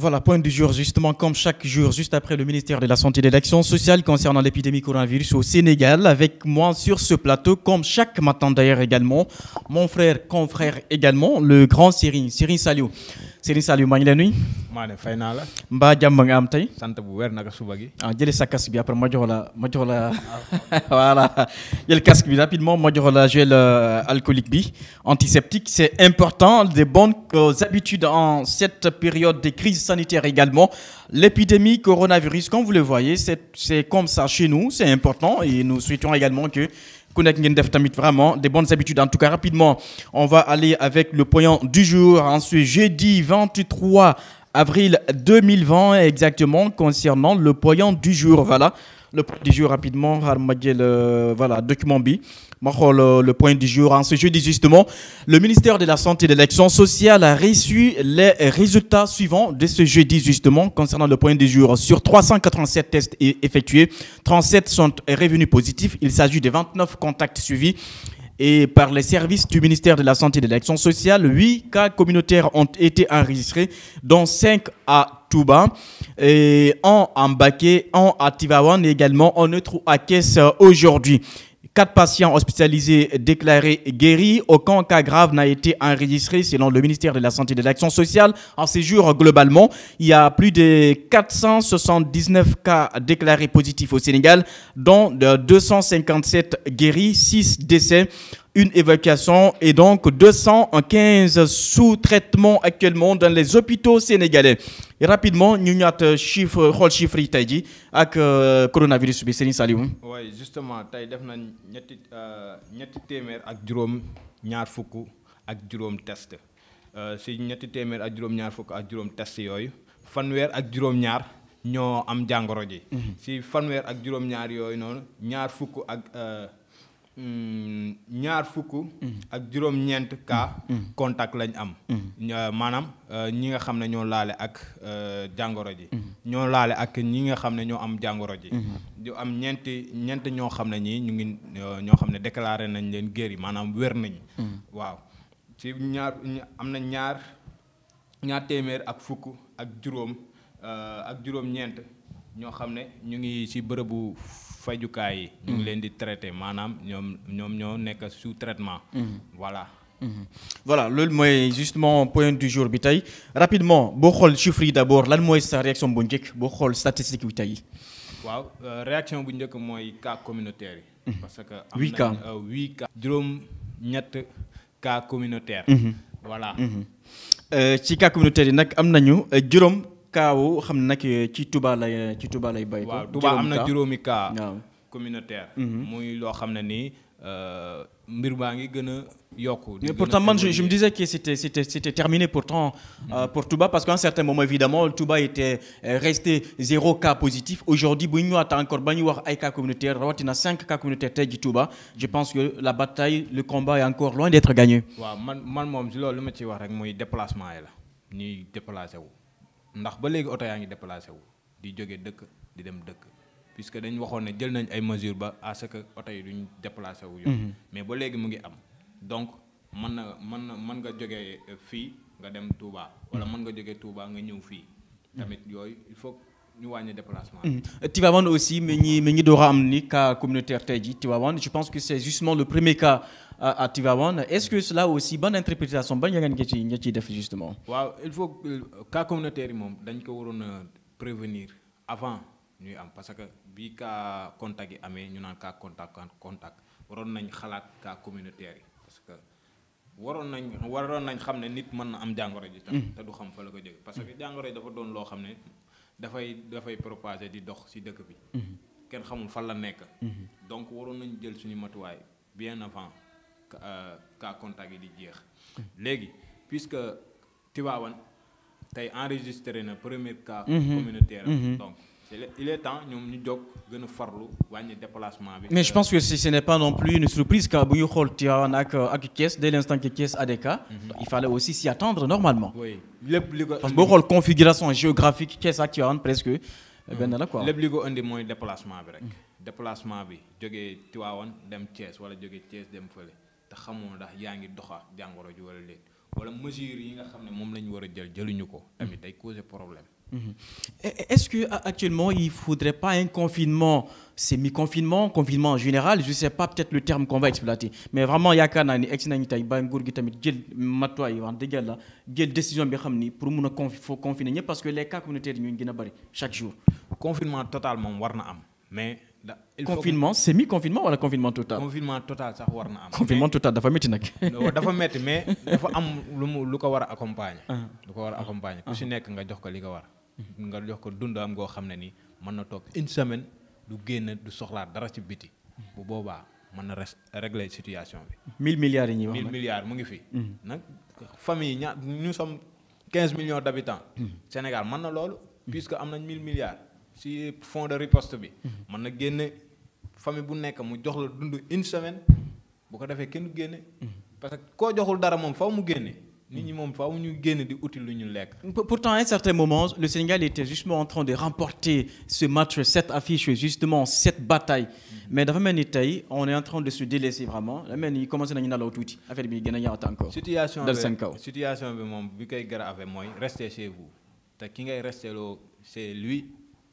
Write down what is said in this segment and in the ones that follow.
Voilà, point du jour, justement, comme chaque jour, juste après le ministère de la Santé et de l'Action sociale concernant l'épidémie coronavirus au Sénégal, avec moi sur ce plateau, comme chaque matin d'ailleurs également, mon frère, confrère également, le grand Cyrine, Cyrine Salio. Serigne Saliou maa ngi leen nuyu. maa ne fay naa la. mbaa jàmm nga am tey. sant bu wér naka suba gi. ah jëlee sa casque bi après ma jox la ma jox la voilà jël casque bi rapidement ma jox la gel euh, alcoolique bi antiseptique c'est important des bonnes euh, habitudes en cette période de crise sanitaire également l'épidémie coronavirus comme vous le voyez c'est comme ça chez nous c'est important et nous souhaitons également que vraiment des bonnes habitudes en tout cas rapidement on va aller avec le poignant du jour ensuite ce jeudi 23 avril 2020 exactement concernant le poignant du jour voilà le point du jour rapidement euh, voilà document B le point du jour. En ce jeudi, justement, le ministère de la Santé et de l'Action sociale a reçu les résultats suivants de ce jeudi, justement, concernant le point du jour. Sur 387 tests effectués, 37 sont revenus positifs. Il s'agit de 29 contacts suivis et par les services du ministère de la Santé et de l'Action sociale, 8 cas communautaires ont été enregistrés, dont 5 à Touba, et 1 à Mbaké, 1 à Tivawan et également en autre à Kess euh, aujourd'hui. Quatre patients hospitalisés déclarés guéris. Aucun cas grave n'a été enregistré selon le ministère de la Santé et de l'Action sociale. En ces globalement, il y a plus de 479 cas déclarés positifs au Sénégal, dont 257 guéris, 6 décès une évocation et donc 215 sous-traitements actuellement dans les hôpitaux sénégalais rapidement ñu ñaat chiffre xool chiffre yi tey ak euh, coronavirus bi Serigne Saliou oui justement tey def na ñetti euh, ñetti téeméer ak juróom ñaar fukk ak juróom test euh, si ñetti téeméer ak juróom ñaar fukk ak juróom test yooyu fanweer ak juróom ñaar ñoo am jàngoro ji mhm. si fanweer ak juróom ñaar yooyu noonu ñaar fukk ak Hmm, ñaar fukk hmm. ak juróom-ñeent cas hmm. contact lañ am maanaam euh, ñi nga xam ne ñoo laale ak euh, jàngoro ji ñoo laale ak ñi nga xam ne ñoo am jàngoro ji ñu am ñeenti ñeent ñoo xam ne ñii ñu ngi euh, ñoo xam ne déclaré nañ leen géer yi maanaam wér nañ waaw ci ñaar am na ñaar ñaar téeméer ak fukk ak juróom ak juróom-ñeent ñoo xam ne ñu ngi ci bërëbu yi. Mm-hmm. ñu ngi sous traitement. Mm-hmm. voilà. Mm-hmm. voilà Le justement point du jour rapidement boo xool chiffres d'abord. lan sa réaction bu statistique euh, réaction cas communautaire parce que communautaire. voilà. ci communautaire kaawu xam nag ci Touba lay ci Touba lay bay. waaw Touba am na juróomi kaa communautaire. Mhm. muy loo xam ne nii euh, mbir baa ngi gën a yokku. mais pourtant man je, je me disais que c'était c'était c'était terminé pourtant euh, mhm. pour Touba parce qu'à un certain moment évidemment Touba était euh, resté zéro cas positif aujourd'hui bu ñu atta encore ba ñu wax ay cas communautaire rawatina 5 cas communautaire tay ji Touba je pense que la bataille le combat est encore loin d'être gagné. waaw man man moom si loolu lu ma ci wax rek muy déplacement yi la ñuy déplacer wu. ndax ba léegi oto yaa ngi déplacé wu di jóge dëkk di dem dëkk puisque dañ waxoon ne jël nañ ay mesures ba à que oto yi duñ déplacé wu. yoon mhm. mais ba léegi mu ngi am donc man na man na mën nga jóge fii nga dem Touba wala mën nga jóge Touba nga ñëw fii. Mhm. tamit yooyu il faut Tu hmm. voir aussi, mais Dora Amni, cas communautaire tu vas voir, je pense que c'est justement le premier cas à, à Est-ce que cela aussi, bonne interprétation, bonne Yagan justement Il faut que le euh, cas communautaire, nous prévenir avant, parce que si cas contact amé, nous avons cas contact, contact, nous avons cas communautaire. Parce que nous devons savoir que xam ne nit mën na am jàngoro ji hmm. te du xam fa la ko parce que jàngoro yi dafa doon loo xam dafay dafay propager di dox ci dëkk bi. Mhm. kenn xamul fan la nekk. Mhm. donc waroon nañu jël suñu matuwaay bien avant ka euh, contact yi di jeex. Mhm. léegi puisque Tivaouane tey enregistré na premier cas communautaire donc il est temps ñoom ñu jóg gën a farlu wàññi déplacement bi. mais je pense que si ce n'est pas non plus une surprise que bu ñu xool Tivaouane ak ak Thiès dès l'instant que Kies a mhm. il fallait aussi s'y attendre normalement. oui lépp li parce que boo configuration géographique Kies ak Tivaouane presque. ben la quoi Le li ko indi mooy déplacement bi rek. déplacement bi jógee Tivaouane dem Thiès wala jógee Thiès dem fële te xamoo ndax yaa ngi doxa jàngoro ji wala léegi wala mesures yi nga xam ne moom la ñu war a jël jëluñu ko tamit day causer problème. Mhm. Est-ce que actuellement il faudrait pas un confinement, semi-confinement, confinement en général, je sais pas peut-être le terme qu'on va exploiter, mais vraiment yaakaar naa ni egg si nañu tey ba nguur gi tamit jël matuwaay wax dëgg la jël décision bi xam ni pour mun a confi faut confiner ñëpp parce que les cas communautaires ñu ngi gën a bëri chaque jour. confinement total moom war na am mais confinement semi-confinement ou confinement total. confinement total ça warna am. confinement total dafa nak non dafa metti mais dafa am lu mu lu ko war accompagner. Ah. lu ko wara accompagner ku ci nek nga jox ko li ko war. nga jox ko dund am go ne ni man na tok une semaine du guen du soxla dara ci biti. bu boba man na régler situation bi. 1000 milliards yi wax 1000 milliards mu ngi fi. Mm. nak famille ñu nous sommes 15 millions d'habitants mm. Sénégal man na lolu mm. puisque am nañ 1000 milliards si fond de riposte bi. man na génne famille bu nekk mu jox la dund une semaine bu ko defee kenn génne. parce que koo joxul dara moom faw mu génne. nit ñi moom faaw ñu génn di outil lu ñu lekk. pourtant à un certain moment le Sénégal était justement en train de remporter ce match cette affiche justement cette bataille. mais dafa mel ni tey on est en train de se délaisser vraiment dafa mel ni commencé nañu nalaw tuuti affaire bi gën a yaatu encore. situation bi situation bi moom bi koy grave mooy restez chez vous te ki ngay resté loo c'est lui.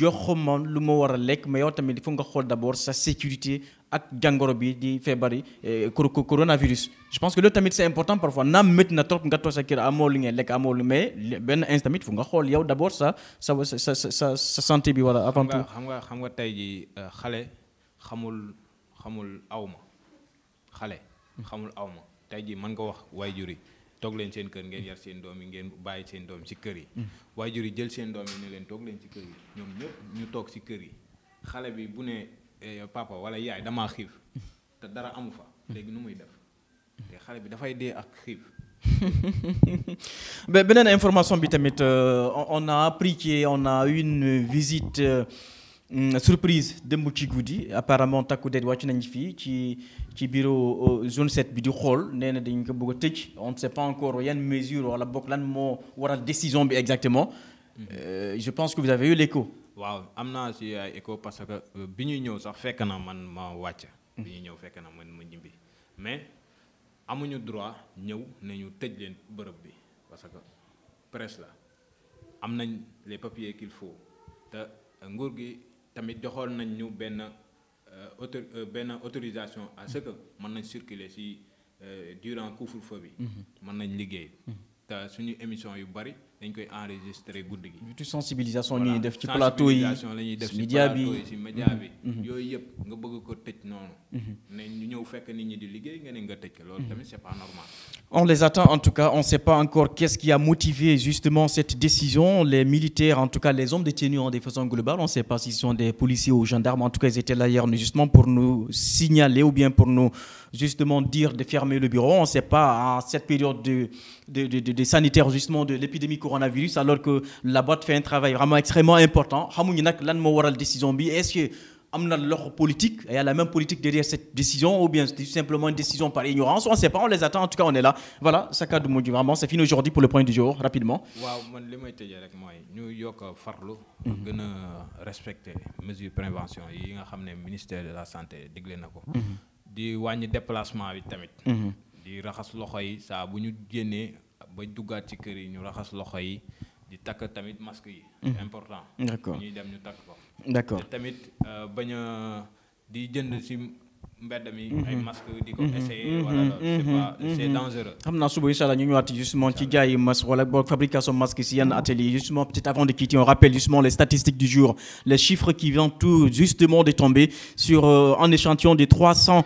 jox man lu ma war a mais yow tamit il faut nga xool d'abord sa sécurité ak jangoro bi di feebar eh, coronavirus je pense que le tamit c'est important parfois na met na trop nga toog sa kër amol lu ngeen lekk amoo mais ben instant tamit fu nga xool yow d'abord sa sa sa sa santé bi wala avant tout xam nga xam nga tey jii euh, xale xamul xamul awma xalé xamul awma tey jii mën nga wax waajur yi toog leen seen kër ngeen yar seen doom yi ngeen bàyyi seen doom ci kër yi mm. waajur yi jël seen doom yi ne leen toog leen ci kër yi ñoom ñëpp ñu toog ci kër yi xale bi bu ne eh, papa wala yaay dama xiif te dara amu fa léegi nu muy def te xale bi dafay dee ak xiif beneen information bi tamit euh, on a appris on a une visite euh, Mm, surprise de ci apparemment takku der wàcc nañ fii ci ci bureau euh, zone 7 bi di xool nee dañ ko bëgg on ne sait pas encore yan mesure wala bokk lan moo waral décision bi exactement mhm. euh, je pense que vous avez eu l'écho waaw amna naa si écho parce que euh, bi ça ñëw sax fekk na man ma wàcc mhm. bi ñuy ñëw fekk na man ma mais amuñu droit ñëw ne ñu tëj leen bi parce que presse la am les papiers qu'il faut te nguur gi tamit joxoon nañ ñu ben auto ben autorisation à ce que mën nañ circuler ci euh, durant couvre-feu bi mhm. mën nañ liguey mhm sensibilisation On les attend en tout cas, on ne sait pas encore qu'est-ce qui a motivé justement cette décision. Les militaires, en tout cas les hommes détenus en façon globale, on ne sait pas s'ils sont des policiers ou gendarmes, en tout cas ils étaient là hier justement pour nous signaler ou bien pour nous justement dire de fermer le bureau. On ne sait pas à cette période de des sanitaires justement de l'épidémie coronavirus alors que la boîte fait un travail vraiment extrêmement important xamuñu lan waral décision est-ce que am na leur politique et y a la même politique derrière cette décision ou bien c'est simplement une décision par ignorance on ne sait pas on les attend en tout cas on est là voilà ça cadre vraiment c'est fini aujourd'hui pour le point du jour rapidement. waaw man li may dire, rek mooy ñu yokk farlu. gën respecter mesures prévention yi nga xam le ministère de la santé digle na a mhm. di wàññi déplacement bi tamit. Mhm. di raxas loxo yi saa bu ñu bañ duggaat ci kër yi ñu raxas loxo yi di takk tamit masque yi. Mhm. important. ñuy dem ñu takk ko. d'accord te tamit euh, bañ di jënd si. c'est mhm. dangereux justement masque fabrication atelier justement peut avant de quitter on rappelle justement les statistiques du jour les chiffres qui viennent tout justement de tomber sur euh, un échantillon de 300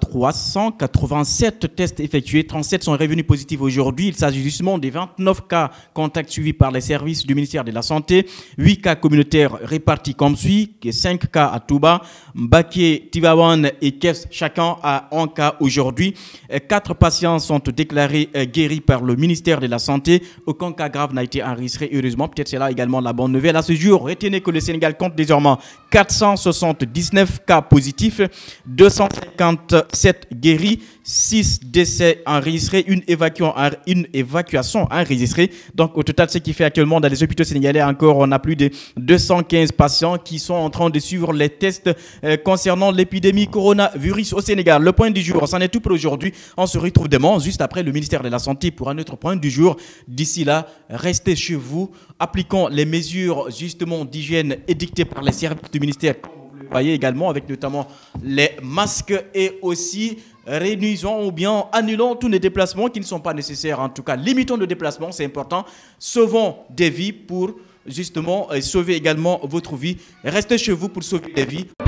387 tests effectués 37 sont revenus positifs aujourd'hui il s'agit justement des 29 cas contacts suivis par les services du ministère de la santé 8 cas communautaires répartis comme suit 5 cas à Touba Mbaké, Tivaouane et chacun a un cas aujourd'hui. Euh, quatre patients sont déclarés euh, guéris par le ministère de la Santé. Aucun cas grave n'a été enregistré, heureusement. Peut-être c'est là également la bonne nouvelle. À ce jour, retenez que le Sénégal compte désormais 479 cas positifs, 257 guéris, 6 décès enregistrés, une évacuation, enregistrée. Donc au total, ce qui fait actuellement dans les hôpitaux sénégalais encore, on a plus de 215 patients qui sont en train de suivre les tests euh, concernant l'épidémie coronavirus au Sénégal. Le point du jour, c'en est tout pour aujourd'hui. On se retrouve demain, juste après le ministère de la Santé, pour un autre point du jour. D'ici là, restez chez vous, appliquons les mesures justement d'hygiène édictées par les services du ministère. Vous voyez également avec notamment les masques et aussi réduisons ou bien annulons tous les déplacements qui ne sont pas nécessaires. En tout cas, limitons le déplacement, c'est important. Sauvons des vies pour justement euh, sauver également votre vie. Restez chez vous pour sauver des vies.